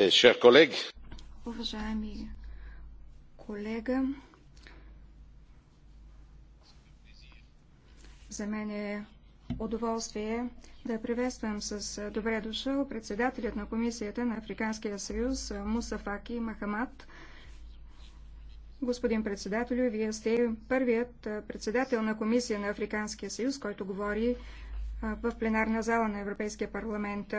Е, Уважаеми колега, за мен е удоволствие да приветствам с добре дошъл председателят на Комисията на Африканския съюз Мусафаки Махамад. Господин председателю, вие сте първият председател на Комисия на Африканския съюз, който говори в пленарна зала на Европейския парламент.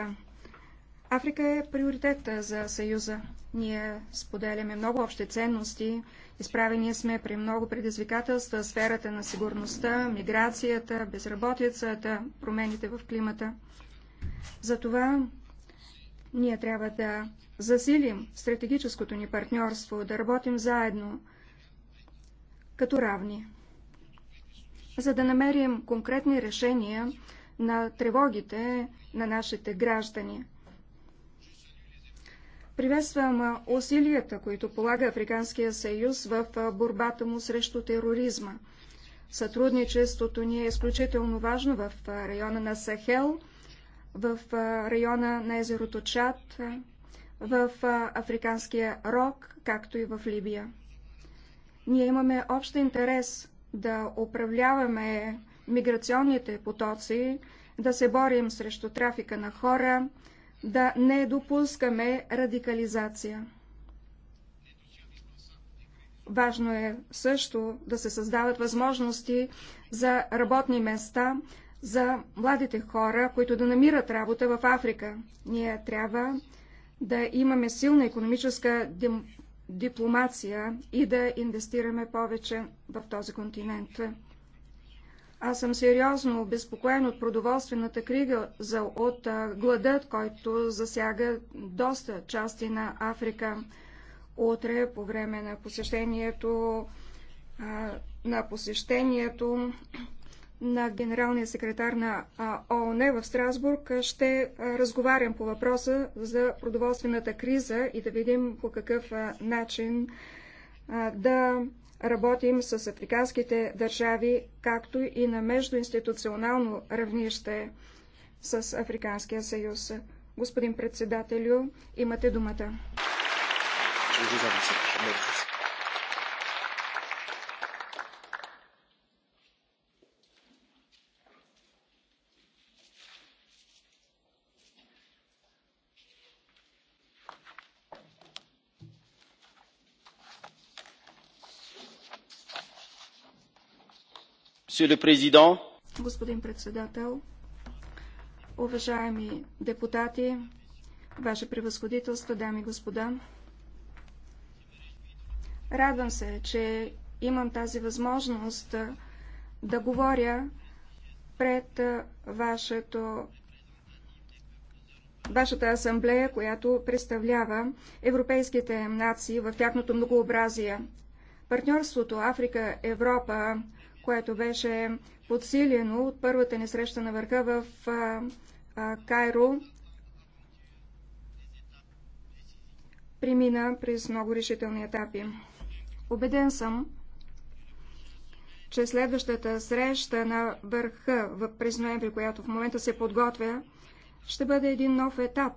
Африка е приоритет за Съюза. Ние споделяме много общи ценности, изправени сме при много предизвикателства в сферата на сигурността, миграцията, безработицата, промените в климата. Затова ние трябва да засилим стратегическото ни партньорство, да работим заедно като равни, за да намерим конкретни решения на тревогите на нашите граждани. Приветствам усилията, които полага Африканския съюз в борбата му срещу тероризма. Сътрудничеството ни е изключително важно в района на Сахел, в района на езерото Чад, в Африканския рок, както и в Либия. Ние имаме общ интерес да управляваме миграционните потоци, да се борим срещу трафика на хора, да не допускаме радикализация. Важно е също да се създават възможности за работни места за младите хора, които да намират работа в Африка. Ние трябва да имаме силна економическа дипломация и да инвестираме повече в този континент. Аз съм сериозно обезпокоен от продоволствената крига, за, от а, гладът, който засяга доста части на Африка. Утре, по време на посещението, а, на посещението на генералния секретар на ООН в Страсбург ще разговарям по въпроса за продоволствената криза и да видим по какъв начин да Работим с африканските държави, както и на междуинституционално равнище с Африканския съюз. Господин председателю, имате думата. Господин председател, уважаеми депутати, ваше превъзходителство, дами и господа, радвам се, че имам тази възможност да говоря пред вашето вашата асамблея, която представлява европейските нации в тяхното многообразие. Партньорството Африка-Европа което беше подсилено от първата ни среща на върха в Кайро, премина през много решителни етапи. Обеден съм, че следващата среща на върха през ноември, която в момента се подготвя, ще бъде един нов етап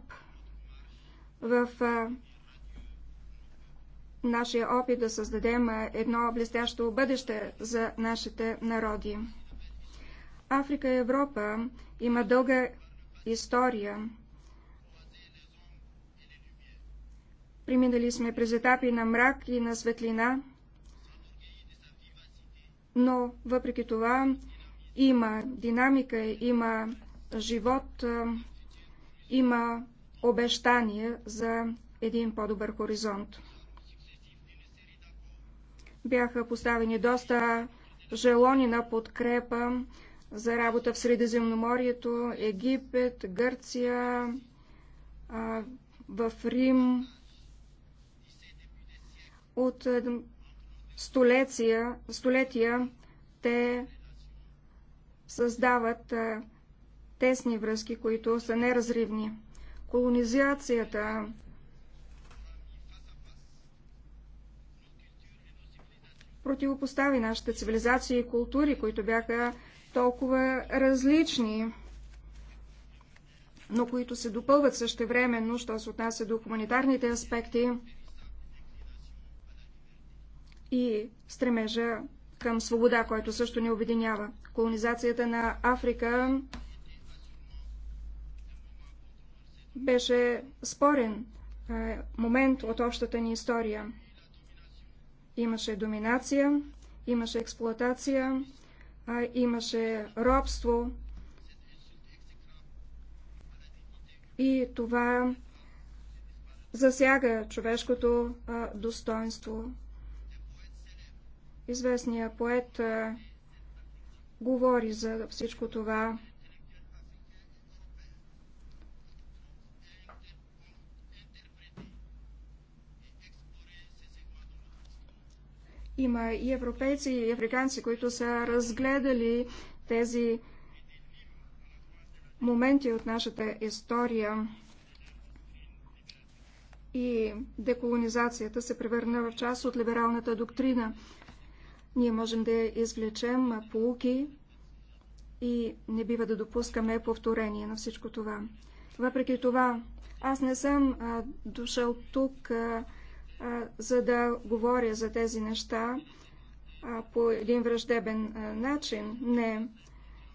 в нашия опит да създадем едно блестящо бъдеще за нашите народи. Африка и Европа има дълга история. Приминали сме през етапи на мрак и на светлина, но въпреки това има динамика, има живот, има обещание за един по-добър хоризонт. Бяха поставени доста желони на подкрепа за работа в Средиземноморието, Египет, Гърция, в Рим. От столетия, столетия те създават тесни връзки, които са неразривни. Колонизацията противопостави нашите цивилизации и култури, които бяха толкова различни, но които се допълват същевременно, що се отнася до хуманитарните аспекти и стремежа към свобода, който също ни обединява. Колонизацията на Африка беше спорен е, момент от общата ни история. Имаше доминация, имаше експлоатация, имаше робство. И това засяга човешкото достоинство. Известният поет говори за всичко това. Има и европейци, и африканци, които са разгледали тези моменти от нашата история и деколонизацията се превърна в част от либералната доктрина. Ние можем да извлечем полуки и не бива да допускаме повторение на всичко това. Въпреки това, аз не съм а, дошъл тук а, за да говоря за тези неща по един враждебен начин. Не.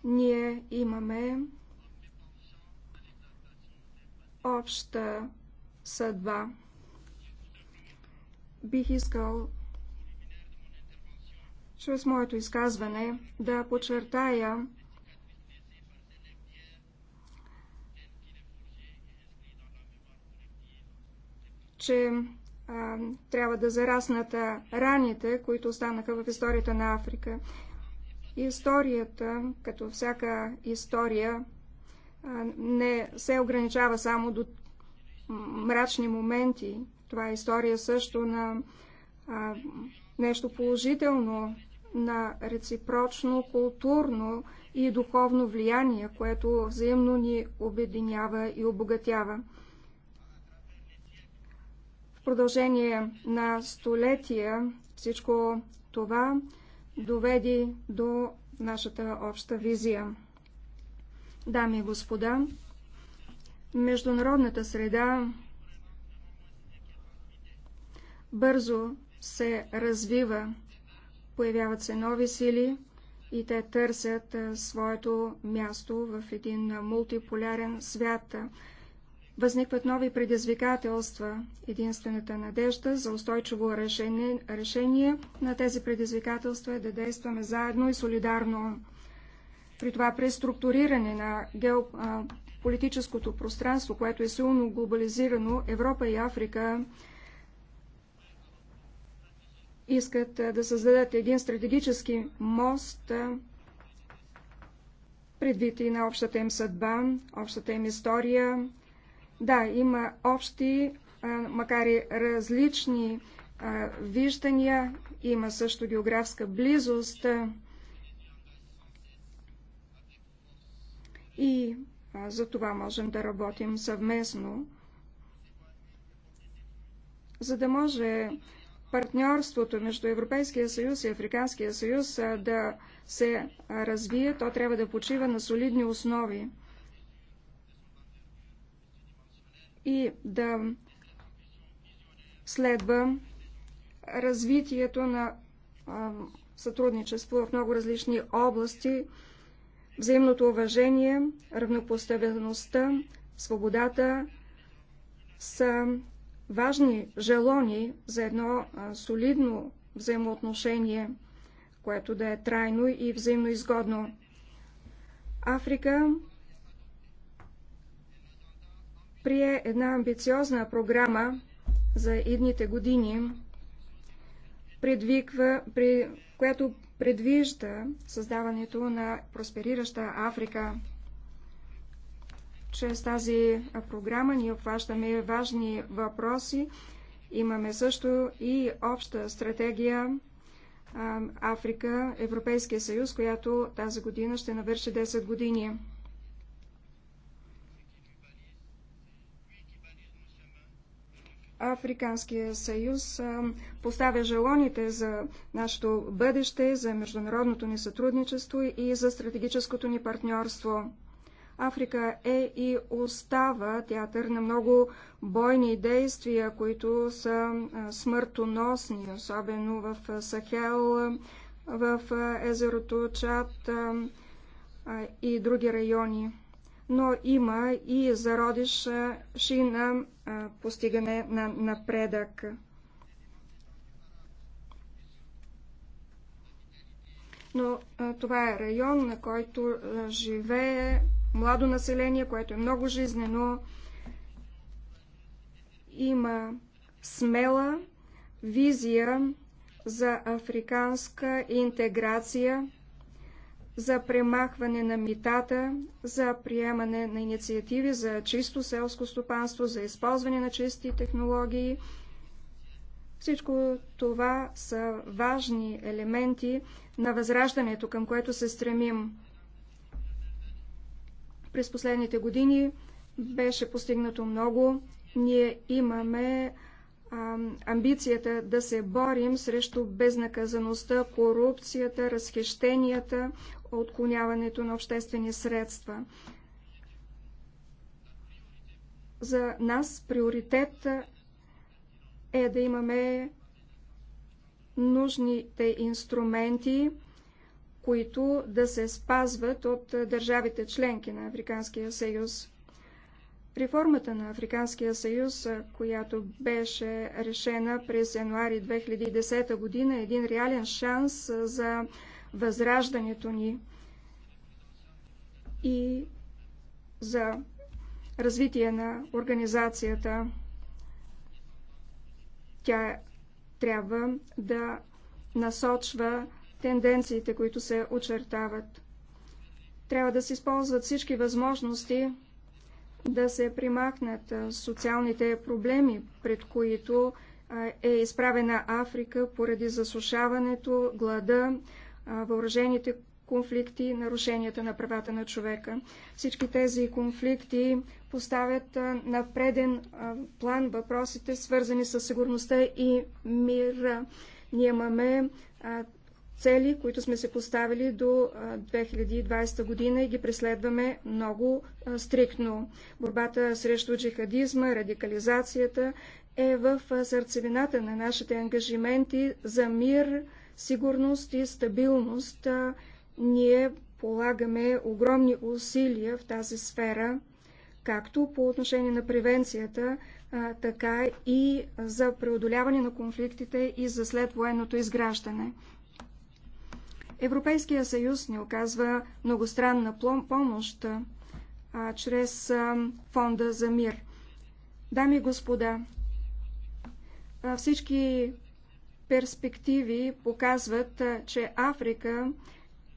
Ние имаме обща съдба. Бих искал чрез моето изказване да подчертая че трябва да зараснат раните, които останаха в историята на Африка. Историята, като всяка история, не се ограничава само до мрачни моменти. Това е история също на а, нещо положително, на реципрочно, културно и духовно влияние, което взаимно ни обединява и обогатява продължение на столетия всичко това доведи до нашата обща визия. Дами и господа, международната среда бързо се развива, появяват се нови сили и те търсят своето място в един мултиполярен свят възникват нови предизвикателства. Единствената надежда за устойчиво решение, решение на тези предизвикателства е да действаме заедно и солидарно. При това преструктуриране на геополитическото пространство, което е силно глобализирано, Европа и Африка искат да създадат един стратегически мост предвид и на общата им съдба, общата им история, да, има общи, макар и различни виждания, има също географска близост и за това можем да работим съвместно, за да може партньорството между Европейския съюз и Африканския съюз да се развие, то трябва да почива на солидни основи. и да следва развитието на сътрудничество в много различни области, взаимното уважение, равнопоставеността, свободата са важни желони за едно солидно взаимоотношение, което да е трайно и взаимно изгодно. Африка прие една амбициозна програма за идните години, предвиква, при, която предвижда създаването на просперираща Африка. Чрез тази програма ние обхващаме важни въпроси. Имаме също и обща стратегия Африка, Европейския съюз, която тази година ще навърши 10 години. Африканския съюз поставя желоните за нашето бъдеще, за международното ни сътрудничество и за стратегическото ни партньорство. Африка е и остава театър на много бойни действия, които са смъртоносни, особено в Сахел, в езерото Чад и други райони но има и зародиш ши на постигане на напредък. Но това е район, на който живее младо население, което е много жизнено. Има смела визия за африканска интеграция за премахване на митата, за приемане на инициативи за чисто селско стопанство, за използване на чисти технологии. Всичко това са важни елементи на възраждането, към което се стремим. През последните години беше постигнато много. Ние имаме амбицията да се борим срещу безнаказаността, корупцията, разхищенията, отклоняването на обществени средства. За нас приоритет е да имаме нужните инструменти, които да се спазват от държавите членки на Африканския съюз. Реформата на Африканския съюз, която беше решена през януари 2010 година, е един реален шанс за възраждането ни и за развитие на организацията. Тя трябва да насочва тенденциите, които се очертават. Трябва да се използват всички възможности да се примахнат социалните проблеми, пред които е изправена Африка поради засушаването, глада, въоръжените конфликти, нарушенията на правата на човека. Всички тези конфликти поставят на преден план въпросите, свързани с сигурността и мира. Ние имаме цели, които сме се поставили до 2020 година и ги преследваме много стриктно. Борбата срещу джихадизма, радикализацията е в сърцевината на нашите ангажименти за мир, сигурност и стабилност. Ние полагаме огромни усилия в тази сфера, както по отношение на превенцията, така и за преодоляване на конфликтите и за следвоенното изграждане. Европейския съюз ни оказва многостранна помощ а, чрез а, Фонда за мир. Дами и господа, а, всички перспективи показват, че Африка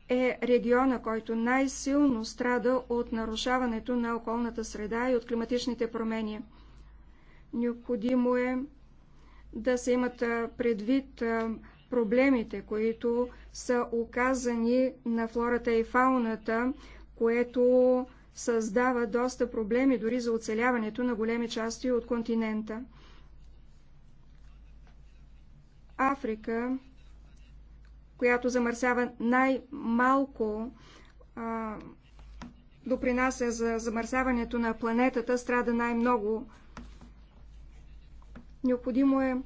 е региона, който най-силно страда от нарушаването на околната среда и от климатичните промени. Необходимо е да се имат предвид проблемите, които са оказани на флората и фауната, което създава доста проблеми дори за оцеляването на големи части от континента. Африка, която замърсява най-малко, допринася за замърсяването на планетата, страда най-много. Необходимо е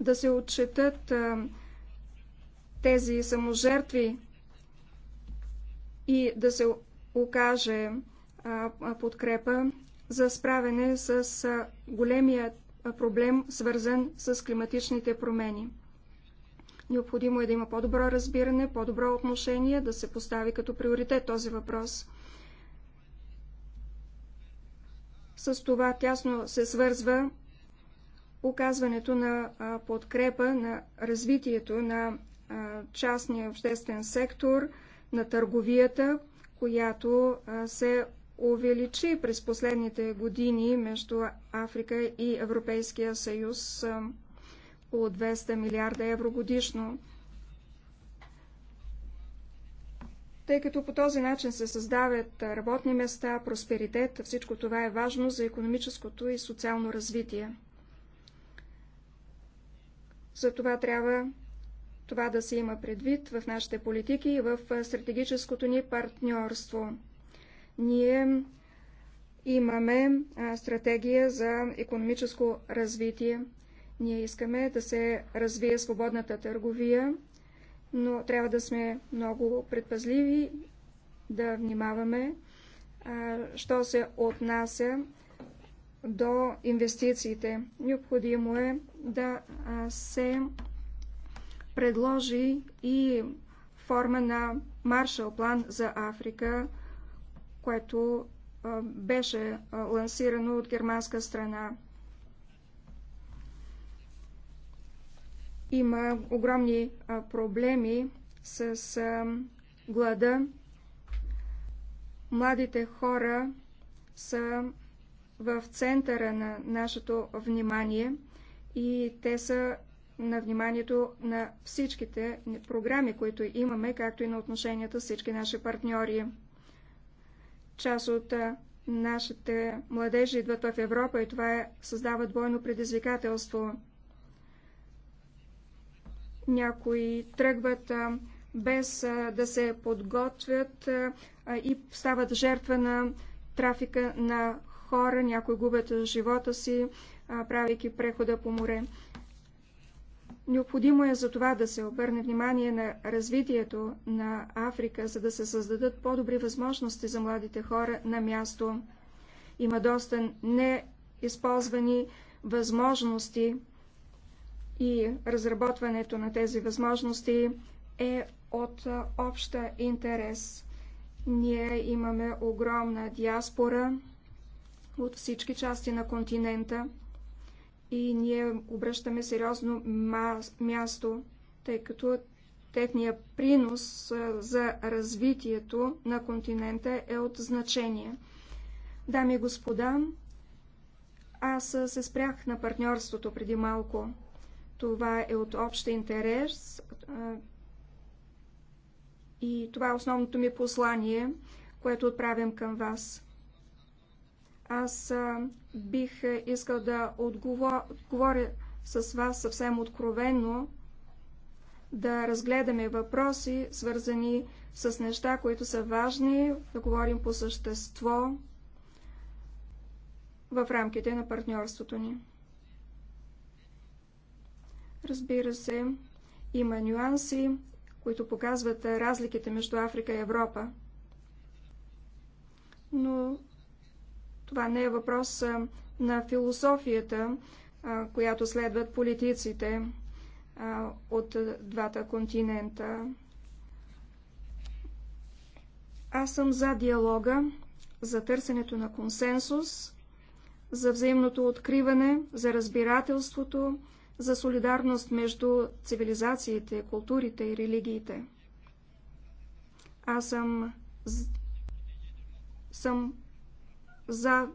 да се отчетат а, тези саможертви и да се окаже подкрепа за справяне с големият проблем, свързан с климатичните промени. Необходимо е да има по-добро разбиране, по-добро отношение, да се постави като приоритет този въпрос. С това тясно се свързва оказването на подкрепа на развитието на частния обществен сектор, на търговията, която се увеличи през последните години между Африка и Европейския съюз по 200 милиарда евро годишно. Тъй като по този начин се създават работни места, просперитет, всичко това е важно за економическото и социално развитие. За това трябва това да се има предвид в нашите политики и в стратегическото ни партньорство. Ние имаме стратегия за економическо развитие. Ние искаме да се развие свободната търговия, но трябва да сме много предпазливи, да внимаваме, що се отнася до инвестициите. Необходимо е да се предложи и форма на маршал план за Африка, което беше лансирано от германска страна. Има огромни проблеми с глада. Младите хора са в центъра на нашето внимание и те са на вниманието на всичките програми, които имаме, както и на отношенията с всички наши партньори. Част от нашите младежи идват в Европа и това е, създава двойно предизвикателство. Някои тръгват без да се подготвят и стават жертва на трафика на хора, някои губят живота си, правейки прехода по море. Необходимо е за това да се обърне внимание на развитието на Африка, за да се създадат по-добри възможности за младите хора на място. Има доста неизползвани възможности и разработването на тези възможности е от обща интерес. Ние имаме огромна диаспора от всички части на континента и ние обръщаме сериозно място, тъй като техния принос за развитието на континента е от значение. Дами и господа, аз се спрях на партньорството преди малко. Това е от общ интерес и това е основното ми послание, което отправям към вас. Аз бих искал да отговоря с вас съвсем откровенно, да разгледаме въпроси, свързани с неща, които са важни, да говорим по същество в рамките на партньорството ни. Разбира се, има нюанси, които показват разликите между Африка и Европа. Но това не е въпрос на философията, която следват политиците от двата континента. Аз съм за диалога, за търсенето на консенсус, за взаимното откриване, за разбирателството, за солидарност между цивилизациите, културите и религиите. Аз съм, съм за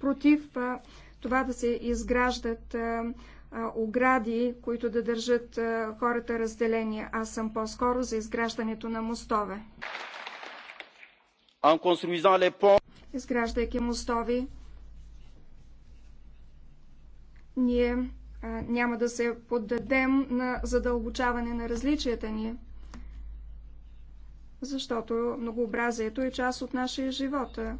против това да се изграждат огради, които да държат хората разделени. Аз съм по-скоро за изграждането на мостове. Изграждайки мостови, ние няма да се поддадем на задълбочаване на различията ни, защото многообразието е част от нашия живота.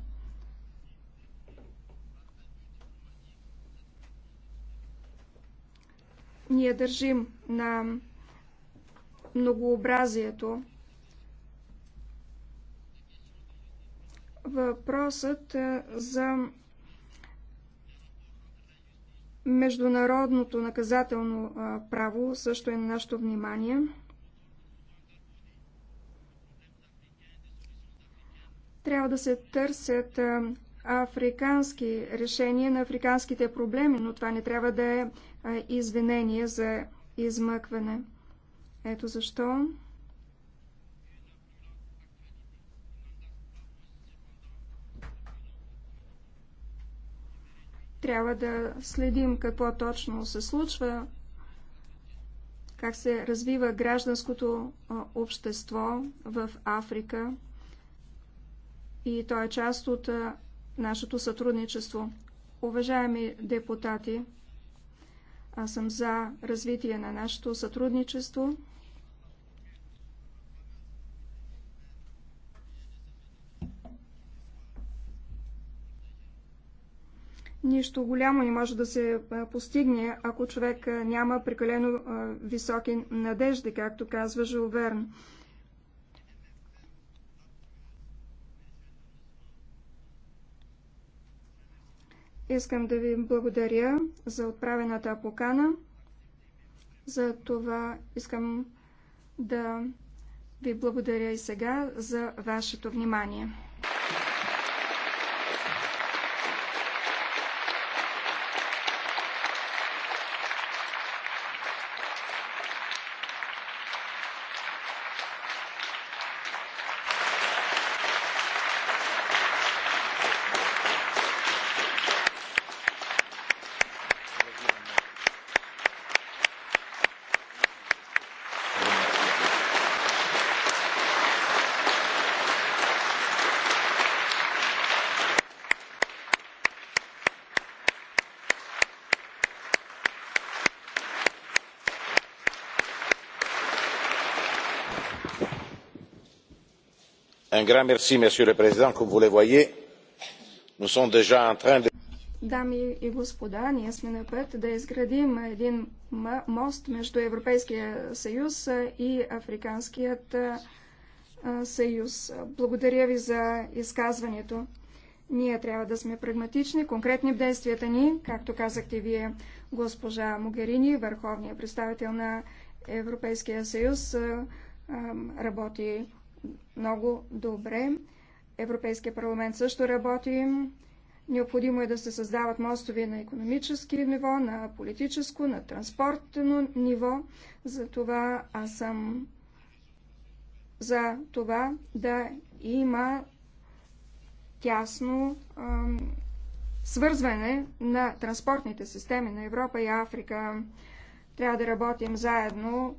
Ние държим на многообразието. Въпросът е, за международното наказателно е, право също е на нашето внимание. Трябва да се търсят е, африкански решения на африканските проблеми, но това не трябва да е извинение за измъкване. Ето защо трябва да следим какво точно се случва, как се развива гражданското общество в Африка и то е част от нашето сътрудничество. Уважаеми депутати, аз съм за развитие на нашето сътрудничество. Нищо голямо не може да се постигне, ако човек няма прекалено високи надежди, както казва Жил Верн. Искам да ви благодаря за отправената покана. За това искам да ви благодаря и сега за вашето внимание. Monsieur le Président. Comme vous le voyez, nous sommes déjà en train de... Дами и господа, ние сме на път да изградим един мост между Европейския съюз и Африканският съюз. Благодаря ви за изказването. Ние трябва да сме прагматични, конкретни в действията ни, както казахте вие, госпожа Могерини, Върховния представител на Европейския съюз, работи много добре. Европейския парламент също работи. Необходимо е да се създават мостови на економически ниво, на политическо, на транспортно ниво. Затова аз съм за това да има тясно ам, свързване на транспортните системи на Европа и Африка. Трябва да работим заедно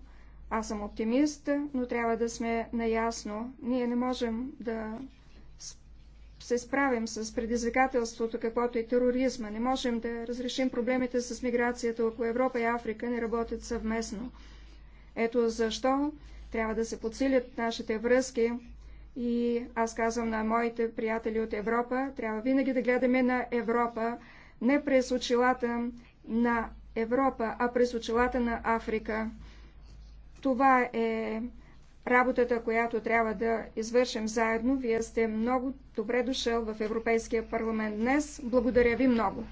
аз съм оптимист, но трябва да сме наясно. Ние не можем да се справим с предизвикателството, каквото е тероризма. Не можем да разрешим проблемите с миграцията, ако Европа и Африка не работят съвместно. Ето защо трябва да се подсилят нашите връзки и аз казвам на моите приятели от Европа, трябва винаги да гледаме на Европа, не през очилата на Европа, а през очилата на Африка. Това е работата, която трябва да извършим заедно. Вие сте много добре дошъл в Европейския парламент днес. Благодаря ви много.